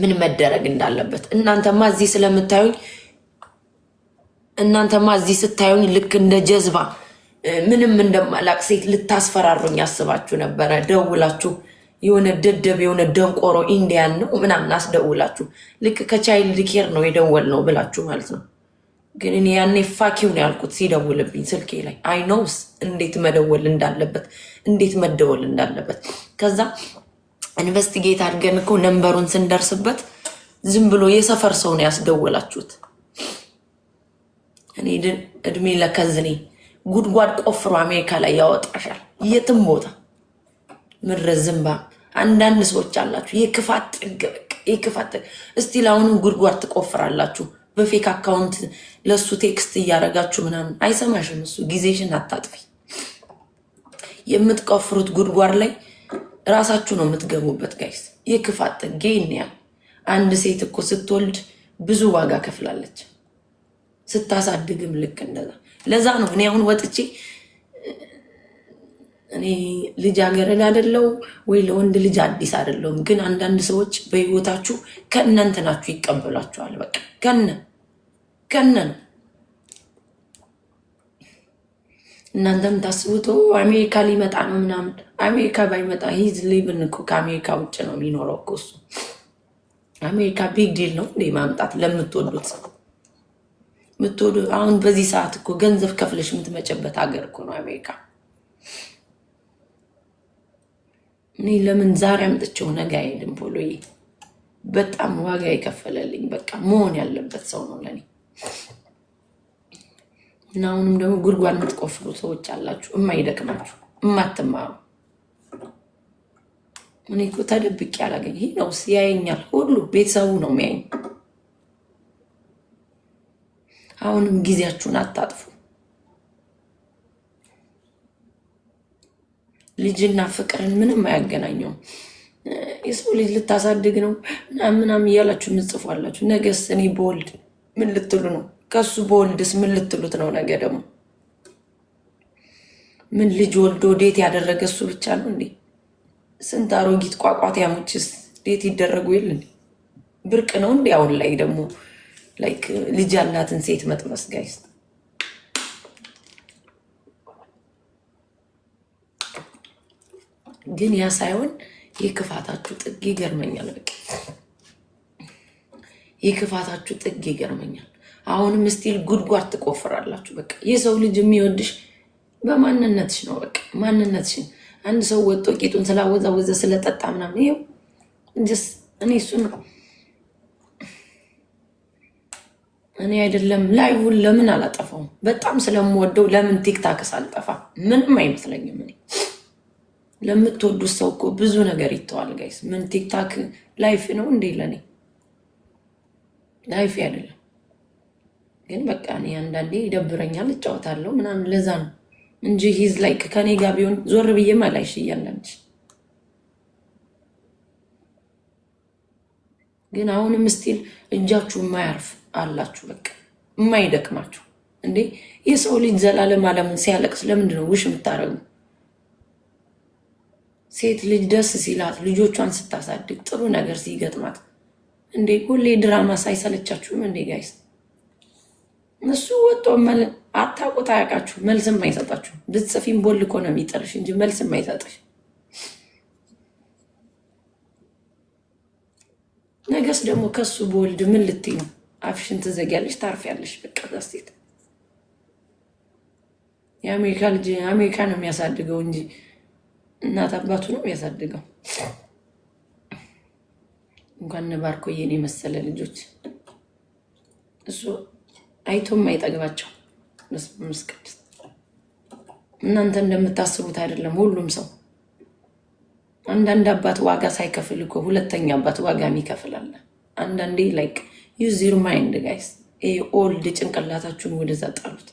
ምን መደረግ እንዳለበት እናንተማ እዚህ ስለምታዩኝ እናንተማ እዚህ ስታዩኝ ልክ እንደ ጀዝባ ምንም እንደማላቅ ሴት ልታስፈራሩኝ አስባችሁ ነበረ። ደውላችሁ የሆነ ደደብ የሆነ ደንቆሮ ኢንዲያን ነው ምናምን አስደውላችሁ ልክ ከቻይልድ ኬር ነው የደወል ነው ብላችሁ ማለት ነው። ግን እኔ ያኔ ፋኪውን ያልኩት ሲደውልብኝ ስልኬ ላይ አይኖውስ እንዴት መደወል እንዳለበት እንዴት መደወል እንዳለበት ከዛ ኢንቨስቲጌት አድርገን እኮ ነንበሩን ስንደርስበት ዝም ብሎ የሰፈር ሰው ነው ያስደወላችሁት። እኔ እድሜ ለከዝኔ ጉድጓድ ቆፍሮ አሜሪካ ላይ ያወጣሻል። የትም ቦታ ምድረ ዝንባ አንዳንድ ሰዎች አላችሁ። የክፋት ጥግ በቃ የክፋት ጥግ። እስቲ ለአሁንም ጉድጓድ ትቆፍራላችሁ በፌክ አካውንት ለእሱ ቴክስት እያደረጋችሁ ምናምን። አይሰማሽም እሱ ጊዜሽን አታጥፊ። የምትቆፍሩት ጉድጓድ ላይ ራሳችሁ ነው የምትገቡበት ጋይስ። የክፋት ጥጌ እንያ አንድ ሴት እኮ ስትወልድ ብዙ ዋጋ ከፍላለች፣ ስታሳድግም ልክ እንደዛ። ለዛ ነው እኔ አሁን ወጥቼ እኔ ልጃገረድ አይደለው ወይ ለወንድ ልጅ አዲስ አይደለውም፣ ግን አንዳንድ ሰዎች በህይወታችሁ ከእነ እንትናችሁ ይቀበሏችኋል። በቃ ከነ ከነ ነው እናንተ የምታስቡት አሜሪካ ሊመጣ ነው ምናምን። አሜሪካ ባይመጣ ሂዝ ሊብን እኮ ከአሜሪካ ውጭ ነው የሚኖረው እኮ እሱ። አሜሪካ ቢግ ዲል ነው እንደ ማምጣት ለምትወዱት ምትወዱ። አሁን በዚህ ሰዓት እኮ ገንዘብ ከፍለሽ የምትመጭበት ሀገር እኮ ነው አሜሪካ። እኔ ለምን ዛሬ አምጥቼው ነገ አይሄድም? ፖሎዬ በጣም ዋጋ የከፈለልኝ በቃ መሆን ያለበት ሰው ነው ለኔ። እና አሁንም ደግሞ ጉድጓድ የምትቆፍሩ ሰዎች አላችሁ፣ የማይደክማችሁ የማትማሩ። እኔ እኮ ተደብቄ አላገኝ ይሄ ነው ያየኛል፣ ሁሉ ቤተሰቡ ነው ሚያኝ አሁንም ጊዜያችሁን አታጥፉ። ልጅና ፍቅርን ምንም አያገናኘውም። የሰው ልጅ ልታሳድግ ነው ምናምን እያላችሁ ምጽፏላችሁ። ነገስ እኔ በወልድ ምን ልትሉ ነው? ከሱ በወልድስ ምን ልትሉት ነው? ነገ ደግሞ ምን ልጅ ወልዶ ዴት ያደረገ እሱ ብቻ ነው እንዴ? ስንት አሮጊት ቋቋት ያሞችስ ዴት ይደረጉ የለ ብርቅ ነው እንዴ? አሁን ላይ ደግሞ ላይክ ልጅ ያላትን ሴት መጥበስ ጋይስ ግን ያ ሳይሆን የክፋታችሁ ጥግ ይገርመኛል። በቃ የክፋታችሁ ጥግ ይገርመኛል። አሁንም ስቲል ጉድጓድ ትቆፍራላችሁ። በቃ የሰው ልጅ የሚወድሽ በማንነትሽ ነው። በቃ ማንነትሽን አንድ ሰው ወጦ ቂጡን ስላወዛወዘ ስለጠጣ ምናምን ይኸው እኔ እሱ ነው እኔ አይደለም ላይሁን ለምን አላጠፋውም? በጣም ስለምወደው ለምን ቲክታክስ አልጠፋ? ምንም አይመስለኝም። እኔ ለምትወዱት ሰው እኮ ብዙ ነገር ይተዋል ጋይስ። ምን ቲክታክ ላይፍ ነው እንዴ? ለእኔ ላይፍ አይደለም። ግን በቃ እኔ አንዳንዴ ይደብረኛል፣ እጫወታለሁ ምናምን ለዛ ነው እንጂ ሂዝ ላይክ ከኔ ጋር ቢሆን ዞር ብዬ ማላይሽ እያለንች ግን አሁንም ስቲል እጃችሁ የማያርፍ አላችሁ፣ በቃ የማይደክማችሁ እንዴ! የሰው ልጅ ዘላለም አለምን ሲያለቅስ ለምንድን ነው ውሽ የምታደርጉ? ሴት ልጅ ደስ ሲላት ልጆቿን ስታሳድግ ጥሩ ነገር ሲገጥማት እንዴ ሁሌ ድራማ ሳይሰለቻችሁም እንዴ ጋይስ? እሱ ወጥቶ አታውቁት አያውቃችሁ። መልስም አይሰጣችሁ። ብትጽፊም ቦልኮ ነው የሚጠርሽ እንጂ መልስም አይሰጥሽ። ነገስ ደግሞ ከሱ በወልድ ምን ልትይ ነው? አፍሽን ትዘጊያለሽ፣ ታርፊያለሽ። በቃ ዛስቴት የአሜሪካ ልጅ አሜሪካ ነው የሚያሳድገው እንጂ እናት አባቱ ነው የሚያሳድገው። እንኳን ባርኮ የኔ መሰለ ልጆች እሱ አይቶም አይጠግባቸው። ምስቅድስ እናንተ እንደምታስቡት አይደለም ሁሉም ሰው። አንዳንድ አባት ዋጋ ሳይከፍል እኮ ሁለተኛ አባት ዋጋ ይከፍላል። አንዳንዴ ላይክ ዩዝ ዩር ማይንድ ጋይስ። ይሄ ኦልድ ጭንቅላታችሁን ወደዛ ጣሉት።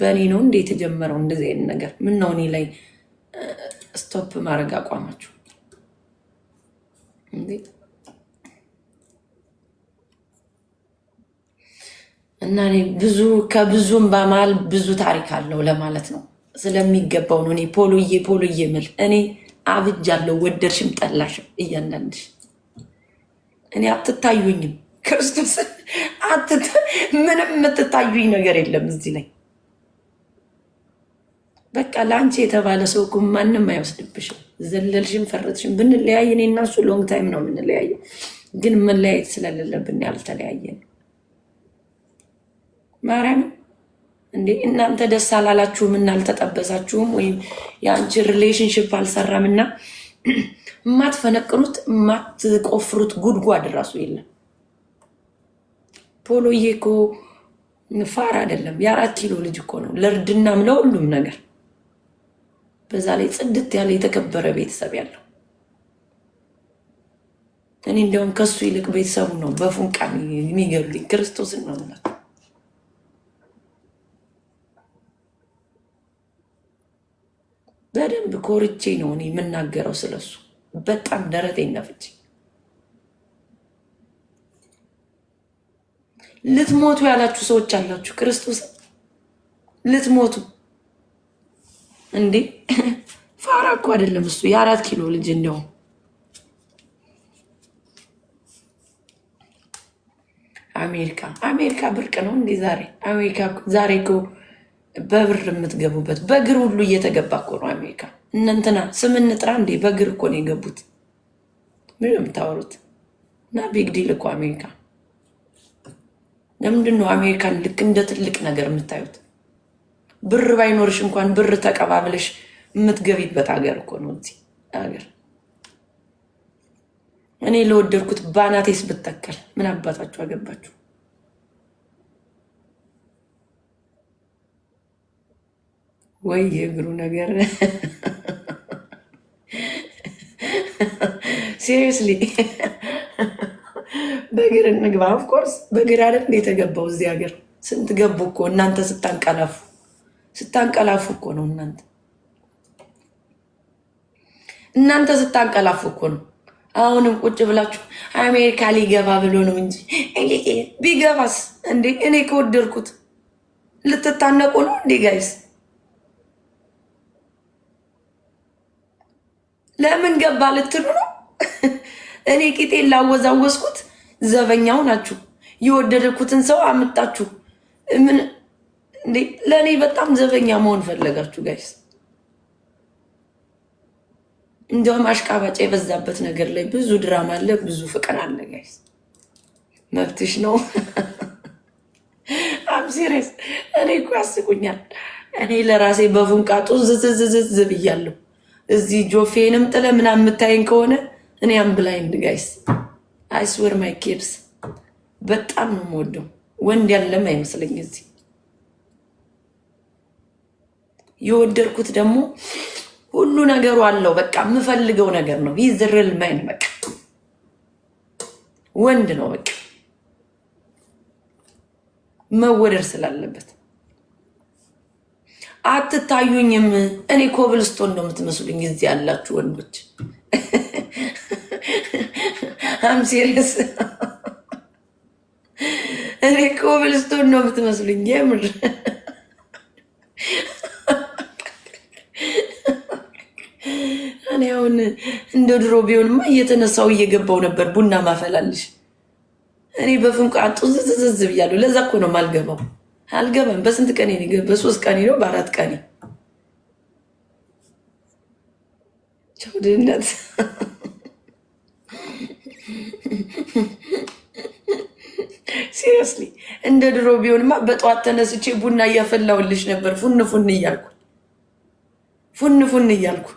በእኔ ነው እንዴ የተጀመረው እንደዚህ አይነት ነገር። ነው እኔ ላይ ስቶፕ uh, ማድረግ አቋማችሁ እንዴ? እና ብዙ ከብዙም በመሃል ብዙ ታሪክ አለው ለማለት ነው። ስለሚገባው ነው እኔ ፖሎዬ ፖሎዬ ምል እኔ አብጃለሁ። ወደድሽም ጠላሽም እያንዳንድሽ እኔ አትታዩኝም። ክርስቶስ ምንም የምትታዩኝ ነገር የለም እዚህ ላይ በቃ ለአንቺ የተባለ ሰው እኮ ማንም አይወስድብሽም። ዘለልሽም ፈረጥሽም ብንለያይ እኔ እና እሱ ሎንግ ታይም ነው የምንለያየው፣ ግን መለያየት ስለሌለብን ያልተለያየ ነው። ማርያም እንዴ እናንተ ደስ አላላችሁም እና አልተጠበሳችሁም፣ ወይም የአንቺ ሪሌሽንሽፕ አልሰራም እና የማትፈነቅሩት የማትቆፍሩት ጉድጓድ እራሱ የለም። ፖሎዬ እኮ ፋር አይደለም፣ የአራት ኪሎ ልጅ እኮ ነው። ለእርድናም ለሁሉም ነገር በዛ ላይ ጽድት ያለ የተከበረ ቤተሰብ ያለው እኔ እንዲያውም ከሱ ይልቅ ቤተሰቡ ነው በፉንቃ የሚገሉኝ። ክርስቶስን ነው ምላቸው በደንብ ኮርቼ ነው እኔ የምናገረው ስለሱ። በጣም ደረቴን ነፍቼ ልትሞቱ ያላችሁ ሰዎች አላችሁ። ክርስቶስ ልትሞቱ እንዴ? ፋራ እኮ አይደለም እሱ የአራት ኪሎ ልጅ እንደውም አሜሪካ አሜሪካ ብርቅ ነው እንዴ ዛሬ? አሜሪካ ዛሬ እኮ በብር የምትገቡበት በእግር ሁሉ እየተገባ እኮ ነው አሜሪካ። እነንትና ስም እንጥራ እንዴ በእግር እኮ ነው የገቡት። ምን የምታወሩት? እና ቢግ ዲል እኮ አሜሪካ። ለምንድን ነው አሜሪካን ልክ እንደ ትልቅ ነገር የምታዩት? ብር ባይኖርሽ እንኳን ብር ተቀባብለሽ የምትገቢበት ሀገር እኮ ነው እዚህ ሀገር። እኔ ለወደድኩት ባናቴስ ብተከል ምን አባታችሁ አገባችሁ? ወይ የእግሩ ነገር ሲሪየስሊ በእግር እንግባ። ኦፍኮርስ በግር አለ እንደ የተገባው እዚህ ሀገር ስንት ገቡ እኮ እናንተ ስታንቀላፉ ስታንቀላፉ እኮ ነው እናንተ እናንተ ስታንቀላፉ እኮ ነው። አሁንም ቁጭ ብላችሁ አሜሪካ ሊገባ ብሎ ነው እንጂ ቢገባስ እንዴ እኔ ከወደድኩት ልትታነቁ ነው እንዴ ጋይስ? ለምን ገባ ልትሉ ነው? እኔ ቂጤ ላወዛወዝኩት ዘበኛው ናችሁ። የወደደኩትን ሰው አምጣችሁ ምን ለእኔ በጣም ዘበኛ መሆን ፈለጋችሁ ጋይስ። እንዲሁም አሽቃባጭ የበዛበት ነገር ላይ ብዙ ድራማ አለ፣ ብዙ ፍቅር አለ ጋይስ። መብትሽ ነው። አምሲሬስ እኔ እኮ ያስቁኛል። እኔ ለራሴ በፉንቃጡ ዝዝዝዝዝ ብያለሁ። እዚህ ጆፌንም ጥለ ምናምን የምታይን ከሆነ እኔ አም ብላይንድ ጋይስ አይስወር ማይ ኬፕስ በጣም ነው የምወደው። ወንድ ያለም አይመስለኝ እዚህ የወደድኩት ደግሞ ሁሉ ነገሩ አለው። በቃ የምፈልገው ነገር ነው። ይህ ዝርል ማይን በቃ ወንድ ነው በቃ መወደድ ስላለበት አትታዩኝም። እኔ ኮብልስቶን ነው የምትመስሉኝ እዚህ ያላችሁ ወንዶች። አም ሲሪየስ እኔ ኮብልስቶን ነው የምትመስሉኝ የምር እኔ አሁን እንደ ድሮ ቢሆንማ እየተነሳው እየገባው ነበር ቡና ማፈላልሽ። እኔ በፍንቋ ጡዝዝዝዝ ብያለሁ። ለዛ እኮ ነው የማልገባው። አልገባም። በስንት ቀኔ ነው? በሶስት ቀኔ ነው? በአራት ቀኔ ቸውድነት ሲሪየስሊ እንደ ድሮ ቢሆንማ በጠዋት ተነስቼ ቡና እያፈላሁልሽ ነበር። ፉን ፉን እያልኩ ፉን ፉን እያልኩ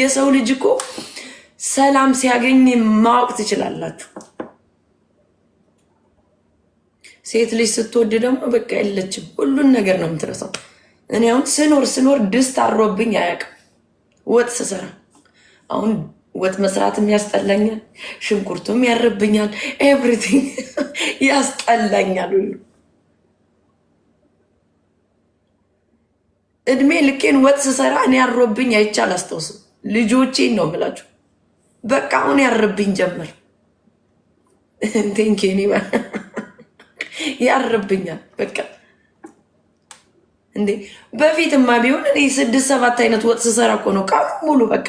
የሰው ልጅ እኮ ሰላም ሲያገኝ ማወቅ ትችላላችሁ። ሴት ልጅ ስትወድ ደግሞ በቃ የለችም፣ ሁሉን ነገር ነው የምትረሳው። እኔ አሁን ስኖር ስኖር ድስት አሮብኝ አያውቅም። ወጥ ስሰራ አሁን ወጥ መስራትም ያስጠላኛል፣ ሽንኩርቱም ያርብኛል፣ ኤቭሪቲንግ ያስጠላኛል ሁሉ እድሜ ልኬን ወጥ ስሰራ እኔ ያሮብኝ አይቻል አላስታውስም። ልጆቼን ነው የምላቸው። በቃ አሁን ያርብኝ ጀመር እንቴንኬኒ ያርብኛል። በቃ እንዴ በፊትማ ቢሆን እኔ ስድስት ሰባት አይነት ወጥ ስሰራ እኮ ነው ቀኑ ሙሉ በቃ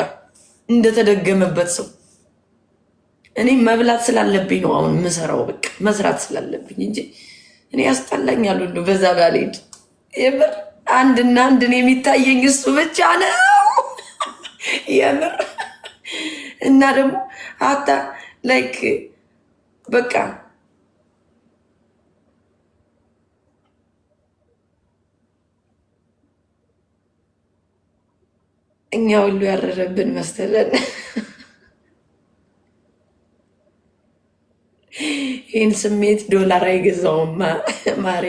እንደተደገመበት ሰው እኔ መብላት ስላለብኝ ነው አሁን የምሰራው። በቃ መስራት ስላለብኝ እንጂ እኔ ያስጠላኛል ሁሉ በዛ ባልሄድ የምር አንድና አንድ የሚታየኝ እሱ ብቻ ነው የምር እና ደግሞ አታ ላይክ በቃ እኛ ሁሉ ያረረብን መሰለን። ይህን ስሜት ዶላር አይገዛውም ማሬ።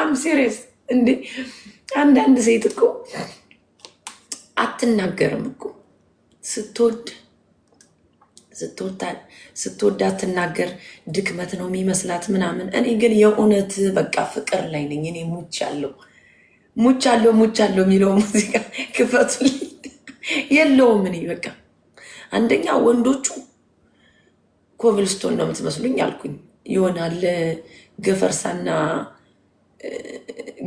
አም ሲሪየስ እንዴ! አንዳንድ ሴት እኮ አትናገርም እኮ ስትወድ ስትወዳ አትናገር፣ ድክመት ነው የሚመስላት ምናምን። እኔ ግን የእውነት በቃ ፍቅር ላይ ነኝ እኔ ሙች አለው። ሙቻለው አለው የሚለው ሙዚቃ ክፈቱ የለውም። እኔ በቃ አንደኛ ወንዶቹ ኮብልስቶን ነው የምትመስሉኝ አልኩኝ። ይሆናል ገፈርሳና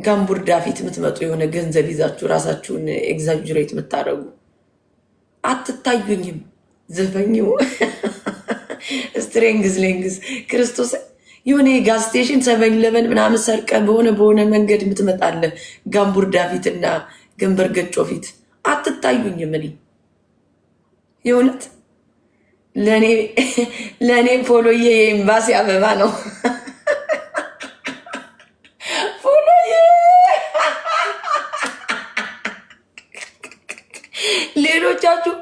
ጋምቡርዳ ፊት የምትመጡ የሆነ ገንዘብ ይዛችሁ ራሳችሁን ኤግዛጅሬት የምታደርጉ አትታዩኝም። ዘፈኝው ስትሬንግዝ ሌንግዝ ክርስቶስ የሆነ ጋዝ ስቴሽን ሰቨን ኢለቨን ምናምን ሰርቀ በሆነ በሆነ መንገድ የምትመጣለ ጋምቡርዳ ፊት እና ግንበር ገጮ ፊት አትታዩኝም። እኔ የእውነት ለእኔ ፖሎዬ የኤምባሲ አበባ ነው። ሌሎቻችሁ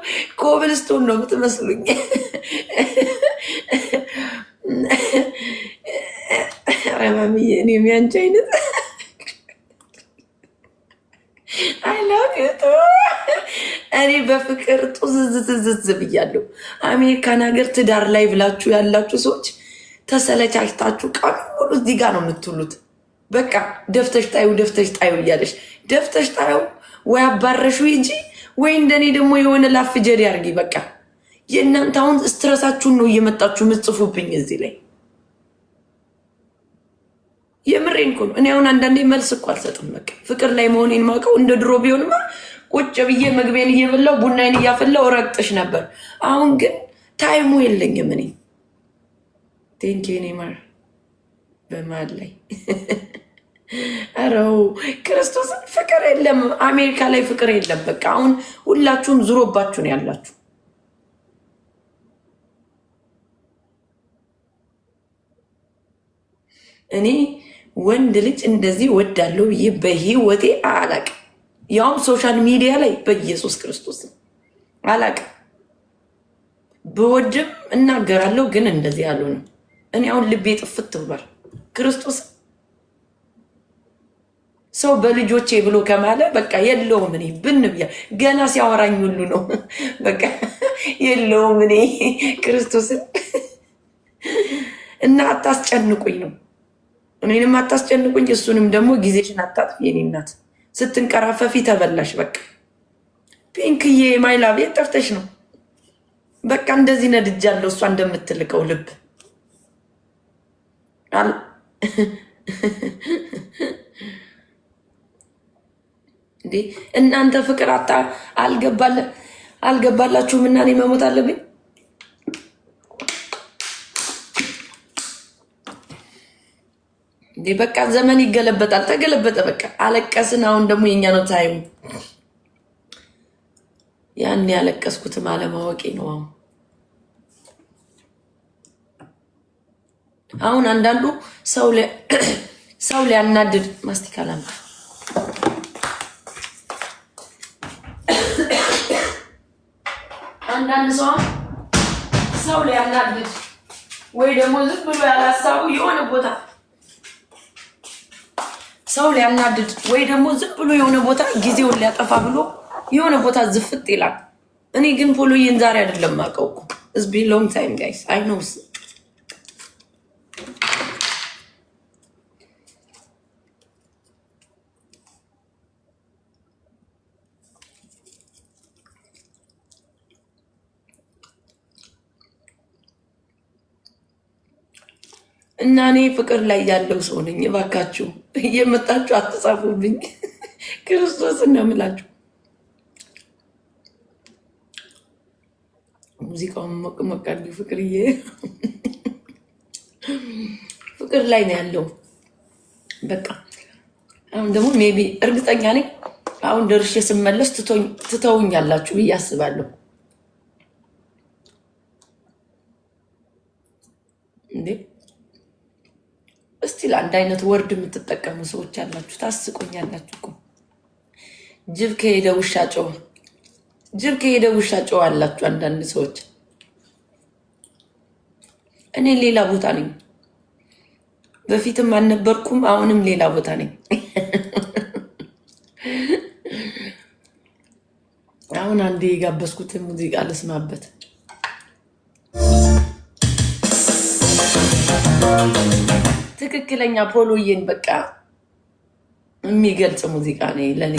ኮብልስቶን ነው የምትመስሉኝ። እኔም ያንቺ አይነት አይላቱ እኔ በፍቅር ጡዝዝዝዝዝ ብያለሁ። አሜሪካን ሀገር ትዳር ላይ ብላችሁ ያላችሁ ሰዎች ተሰለቻችታችሁ ቀኑ ሙሉ እዚህ ጋር ነው የምትውሉት። በቃ ደፍተሽ ጣዩ ደፍተሽ ጣዩ እያለሽ ደፍተሽ ጣዩ ወይ አባረሹ እንጂ ወይ እንደኔ ደግሞ የሆነ ላፍ ጀሪ አድርጊ። በቃ የእናንተ አሁን ስትረሳችሁን ነው እየመጣችሁ ምጽፉብኝ እዚህ ላይ የምሬን እኮ ነው። እኔ አሁን አንዳንዴ መልስ እኮ አልሰጥም። በቃ ፍቅር ላይ መሆኔን ማውቀው እንደ ድሮ ቢሆንማ ቁጭ ብዬ ምግቤን እየበላው ቡናዬን እያፈላው ረግጥሽ ነበር። አሁን ግን ታይሙ የለኝም። እኔ ቴንኪ ኔማር በማል ላይ አረው ክርስቶስን ፍቅር የለም አሜሪካ ላይ ፍቅር የለም። በቃ አሁን ሁላችሁም ዙሮባችሁ ነው ያላችሁ። እኔ ወንድ ልጅ እንደዚህ ወዳለው ይህ በህይወቴ አላቅ፣ ያውም ሶሻል ሚዲያ ላይ በኢየሱስ ክርስቶስ አላቅ። በወድም እናገራለሁ፣ ግን እንደዚህ ነው። እኔ አሁን ልቤ ጥፍት ብሏል። ክርስቶስ ሰው በልጆቼ ብሎ ከማለ በቃ የለውም። እኔ ብን ብያ ገና ሲያወራኝ ሁሉ ነው በቃ የለውም። እኔ ክርስቶስን እና አታስጨንቁኝ ነው እኔንም አታስጨንቁኝ፣ እሱንም ደግሞ ጊዜሽን አታጥፊ። የኔ እናት ስትንቀራፈፊ ተበላሽ። በቃ ፒንክዬ ማይላቤ ጠፍተሽ ነው። በቃ እንደዚህ ነድጃለሁ። እሷ እንደምትልቀው ልብ እንዴ! እናንተ ፍቅር አልገባላችሁም እና እኔ መሞት አለብኝ። በቃ ዘመን ይገለበጣል። ተገለበጠ። በቃ አለቀስን። አሁን ደግሞ የኛ ነው ታይሙ። ያን ያለቀስኩትም አለማወቂ ነው። አሁን አሁን አንዳንዱ ሰው ሊያናድድ ማስቲካ ላምጣ አንዳንድ ሰው ሰው ሊያናድድ ወይ ደግሞ ዝም ብሎ ያለ የሆነ ቦታ ሰው ሊያናድድ ወይ ደግሞ ዝም ብሎ የሆነ ቦታ ጊዜውን ሊያጠፋ ብሎ የሆነ ቦታ ዝፍጥ ይላል። እኔ ግን ፖሎዬን ዛሬ አይደለም አውቀው እኮ ሎንግ ታይም ጋይስ አይ ኖው እና እኔ ፍቅር ላይ ያለው ሰው ነኝ። እባካችሁ እየመጣችሁ አትጻፉብኝ። ክርስቶስ እናምላችሁ። ሙዚቃውን መቅመቃሉ ፍቅርዬ፣ ፍቅር ላይ ነው ያለው። በቃ አሁን ደግሞ ሜቢ እርግጠኛ ነኝ አሁን ደርሼ ስመለስ ትተውኛላችሁ ብዬ አስባለሁ። አንድ አይነት ወርድ የምትጠቀሙ ሰዎች ያላችሁ ታስቆኛላችሁ እኮ። ጅብ ከሄደ ውሻ ጮኸ፣ ጅብ ከሄደ ውሻ ጮኸ አላችሁ አንዳንድ ሰዎች። እኔ ሌላ ቦታ ነኝ። በፊትም አልነበርኩም፣ አሁንም ሌላ ቦታ ነኝ። አሁን አንዴ የጋበዝኩትን ሙዚቃ ልስማበት። ትክክለኛ ፖሎዬን በቃ የሚገልጽ ሙዚቃ ነው ለኔ።